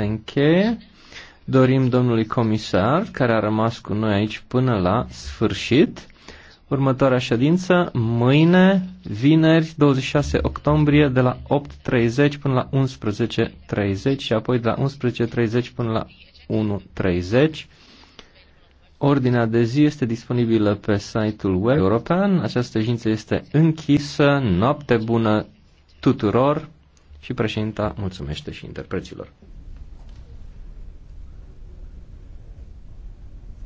se încheie. Dorim domnului comisar, care a rămas cu noi aici până la sfârșit. Următoarea ședință, mâine, vineri, 26 octombrie, de la 8.30 până la 11.30 și apoi de la 11.30 până la 1.30. Ordinea de zi este disponibilă pe site-ul web european. Această ședință este închisă. Noapte bună tuturor și președinta mulțumește și interpreților.